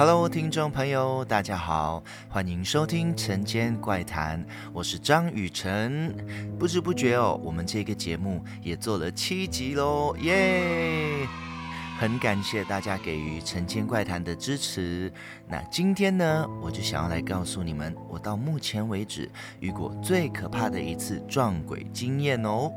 Hello，聽眾朋友，大家好，歡迎收聽《晨間怪談》，我是張雨晨。不知不覺哦，我們這個節目也做了七集嘍，耶、yeah！很感謝大家給予《晨間怪談》的支持。那今天呢，我就想要來告訴你們，我到目前為止遇過最可怕的一次撞鬼經驗哦。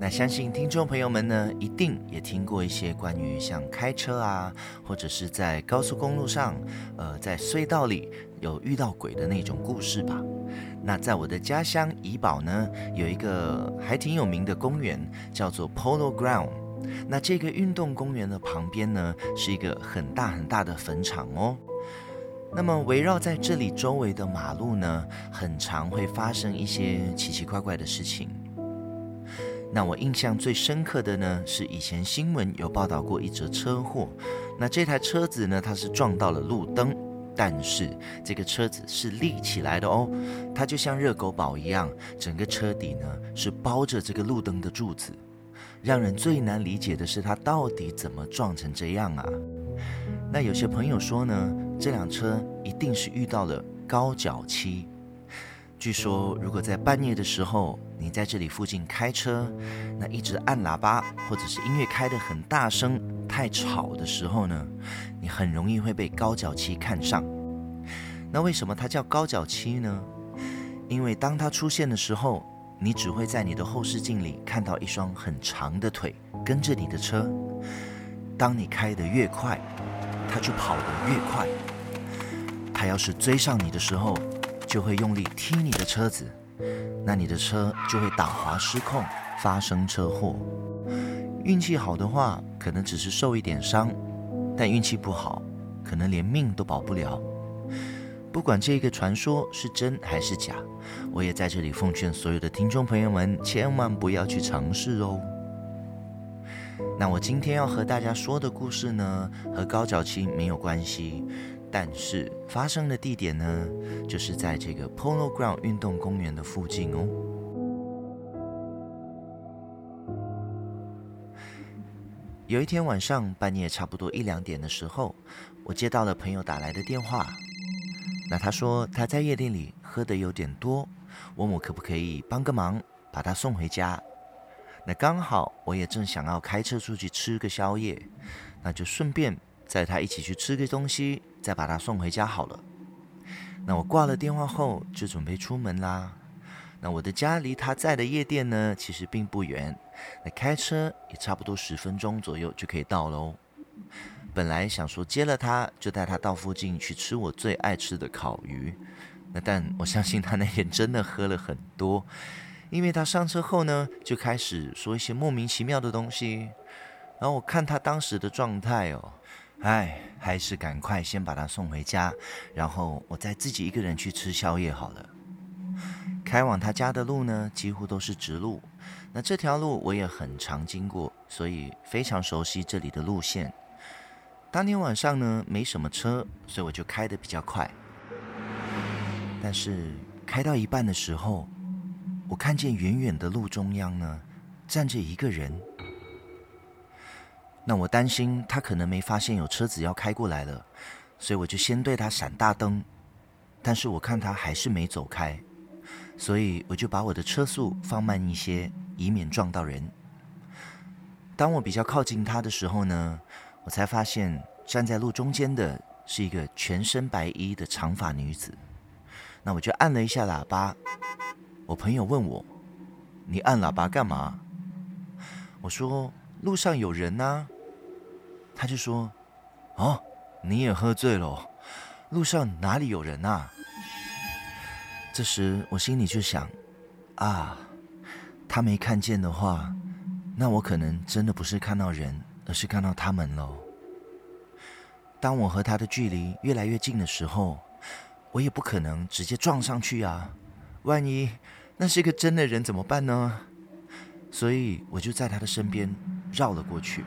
那相信聽眾朋友們呢，一定也聽過一些關於像開車啊，或者是在高速公路上，呃，在隧道裡有遇到鬼的那種故事吧？那在我的家鄉怡保呢，有一個還挺有名的公園，叫做 Polo Ground。那這個運動公園的旁邊呢，是一個很大很大的墳場哦。那麼圍繞在這裡周圍的馬路呢，很常會發生一些奇奇怪怪的事情。那我印象最深刻的呢，是以前新聞有報道過一則車禍。那這台車子呢，它是撞到了路燈，但是這個車子是立起來的哦，它就像熱狗堡一樣，整個車底呢是包着這個路燈的柱子。讓人最難理解的是，它到底怎麼撞成這樣啊？那有些朋友說呢，這輛車一定是遇到了高腳七。據說，如果在半夜的時候，你在這裡附近開車，那一直按喇叭或者是音樂開得很大聲、太吵的時候呢，你很容易會被高腳七看上。那為什麼它叫高腳七呢？因為當它出現的時候，你只會在你的後視鏡裡看到一雙很長的腿跟着你的車。當你開得越快，它就跑得越快。它要是追上你的時候，就會用力踢你的車子，那你的車就會打滑失控，發生車禍。運氣好的話，可能只是受一點傷；但運氣不好，可能連命都保不了。不管這個傳說是真還是假，我也在這裡奉勸所有的聽眾朋友們，千萬不要去嘗試哦。那我今天要和大家說的故事呢，和高腳七沒有關係。但是發生的地點呢，就是在這個 Polo Ground 運動公園的附近哦。有一天晚上半夜差不多一兩點的時候，我接到了朋友打來的電話，那他說他在夜店裡喝得有點多，問我可不可以幫個忙，把他送回家。那剛好我也正想要開車出去吃個宵夜，那就順便載他一起去吃個東西。再把他送回家好了。那我掛了電話後就準備出門啦。那我的家離他在的夜店呢，其實並不遠，那開車也差不多十分鐘左右就可以到了哦。本來想說接了他就帶他到附近去吃我最愛吃的烤魚，那但我相信他那天真的喝了很多，因為他上車後呢就開始說一些莫名其妙的東西，然後我看他當時的狀態哦。哎，還是趕快先把他送回家，然後我再自己一個人去吃宵夜好了。開往他家的路呢，幾乎都是直路。那這條路我也很常經過，所以非常熟悉這裡的路線。當天晚上呢，沒什麼車，所以我就開得比較快。但是開到一半的時候，我看見遠遠的路中央呢，站着一個人。那我擔心他可能沒發現有車子要開過來了，所以我就先對他閃大燈。但是我看他還是沒走開，所以我就把我的車速放慢一些，以免撞到人。當我比較靠近他的時候呢，我才發現站在路中間的是一個全身白衣的長髮女子。那我就按了一下喇叭。我朋友問我：“你按喇叭幹嘛？”我說：“路上有人吶啊。”他就說：“哦，你也喝醉了，路上哪裡有人啊？”這時我心裡就想：“啊，他沒看見的話，那我可能真的不是看到人，而是看到他們嘍。”當我和他的距離越來越近的時候，我也不可能直接撞上去啊！萬一那是一個真的人怎麼辦呢？所以我就在他的身邊繞了過去。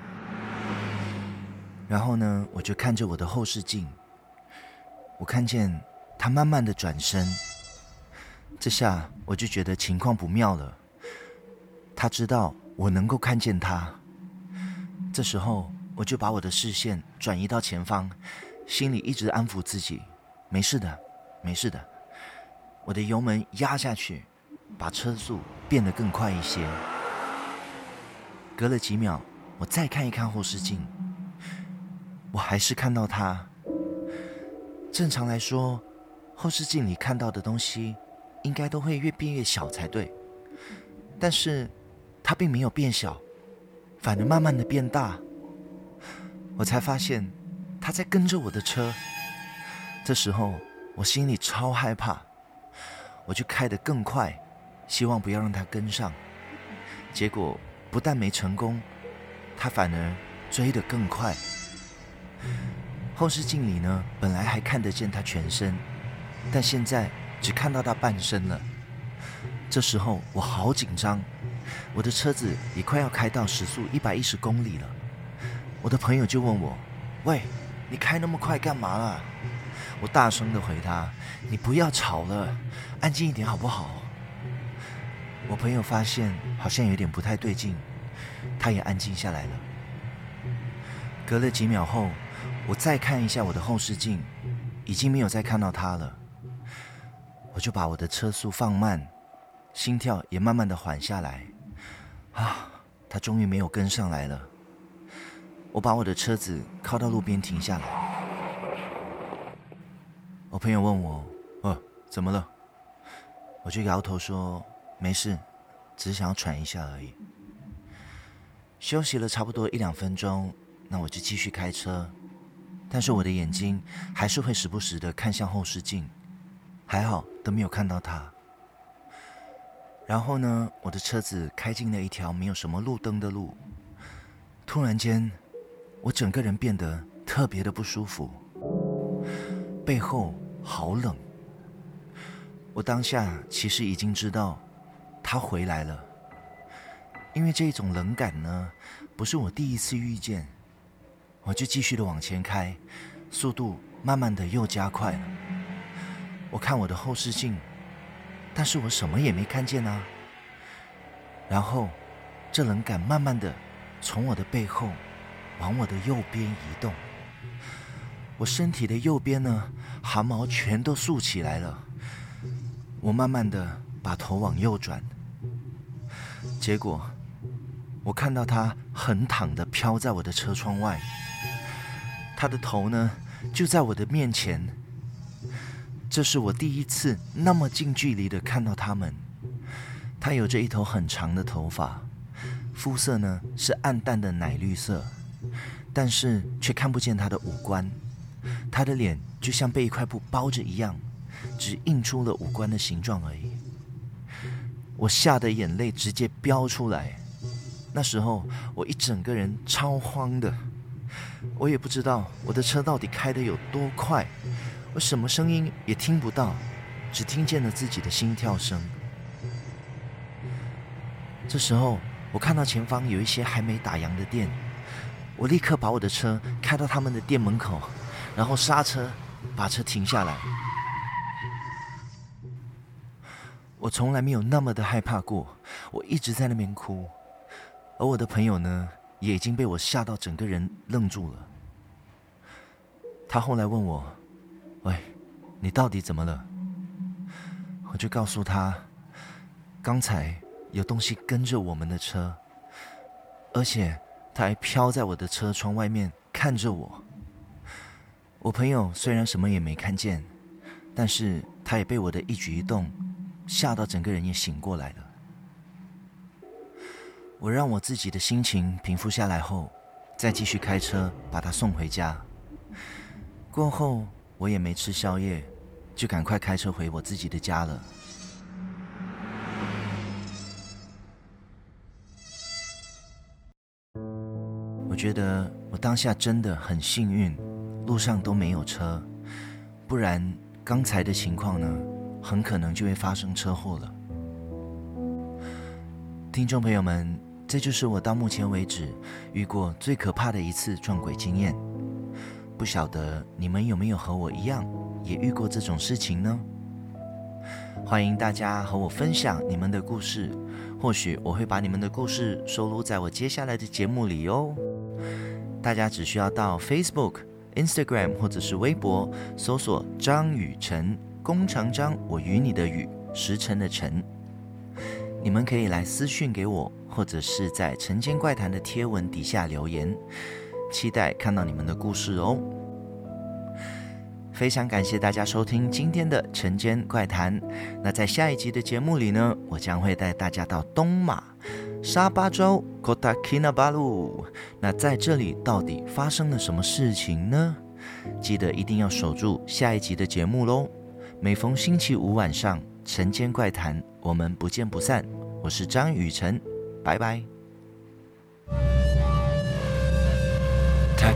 然後呢，我就看着我的後視鏡，我看見他慢慢地轉身，這下我就覺得情況不妙了。他知道我能夠看見他，這時候我就把我的視線轉移到前方，心裡一直安撫自己，沒事的，沒事的。我的油門壓下去，把車速變得更快一些。隔了幾秒，我再看一看後視鏡。我還是看到他。正常來說，後視鏡裡看到的東西應該都會越變越小才對，但是他並沒有變小，反而慢慢的變大。我才發現他在跟着我的車。這時候我心裡超害怕，我就開得更快，希望不要讓他跟上。結果不但沒成功，他反而追得更快。後視鏡裡呢，本來還看得見他全身，但現在只看到他半身了。這時候我好緊張，我的車子也快要開到時速一百一十公里了。我的朋友就問我：“喂，你開那麼快幹嘛啊？”我大聲的回他：“你不要吵了，安靜一點好不好？”我朋友發現好像有點不太對勁，他也安靜下來了。隔了幾秒後。我再看一下我的後視鏡，已經沒有再看到他了。我就把我的車速放慢，心跳也慢慢的緩下來。啊，他終於沒有跟上來了。我把我的車子靠到路邊停下來。我朋友問我：“哦，怎麼了？”我就搖頭說：“沒事，只是想要喘一下而已。”休息了差不多一兩分鐘，那我就繼續開車。但是我的眼睛還是會時不時的看向後視鏡，還好都沒有看到他。然後呢，我的車子開進了一條沒有什麼路燈的路，突然間，我整個人變得特別的不舒服，背後好冷。我當下其實已經知道他回來了，因為這種冷感呢，不是我第一次遇見。我就繼續的往前開，速度慢慢的又加快了。我看我的後視鏡，但是我什麼也沒看見啊。然後，這冷感慢慢的從我的背後，往我的右邊移動。我身體的右邊呢，汗毛全都豎起來了。我慢慢的把頭往右轉，結果，我看到他橫躺的飄在我的車窗外。他的頭呢，就在我的面前。這是我第一次那麼近距離的看到他們。他有着一頭很長的頭髮，膚色呢，是暗淡的奶綠色，但是卻看不見他的五官。他的臉就像被一塊布包着一樣，只印出了五官的形狀而已。我嚇得眼淚直接飆出來，那時候我一整個人超慌的。我也不知道我的車到底開得有多快，我什麼聲音也聽不到，只聽見了自己的心跳聲。這時候，我看到前方有一些還沒打烊的店，我立刻把我的車開到他們的店門口，然後剎車，把車停下來。我從來沒有那麼的害怕過，我一直在那邊哭，而我的朋友呢，也已經被我嚇到，整個人愣住了。他後來問我：“喂，你到底怎麼了？”我就告訴他：“剛才有東西跟着我們的車，而且他還飄在我的車窗外面看着我。”我朋友雖然什麼也沒看見，但是他也被我的一舉一動嚇到，整個人也醒過來了。我讓我自己的心情平復下來後，再繼續開車把他送回家。過後我也沒吃宵夜，就趕快開車回我自己的家了。我覺得我當下真的很幸運，路上都沒有車，不然剛才的情況呢，很可能就會發生車禍了。聽眾朋友們。這就是我到目前為止遇過最可怕的一次撞鬼經驗。不曉得你們有沒有和我一樣也遇過這種事情呢？歡迎大家和我分享你們的故事，或許我會把你們的故事收錄在我接下來的節目裡哦。大家只需要到 Facebook、Instagram 或者是微博搜索“張雨辰”，弓長張，我與你的雨，時辰的辰。你們可以來私訊給我，或者是在《辰間怪談》的貼文底下留言，期待看到你們的故事哦。非常感謝大家收聽今天的《辰間怪談》。那在下一集的節目裡呢，我將會帶大家到東馬沙巴州 Kota Kinabalu。那在這裡到底發生了什麼事情呢？記得一定要守住下一集的節目嘍。每逢星期五晚上。《辰間怪談》，我們不見不散。我是張雨晨，拜拜。太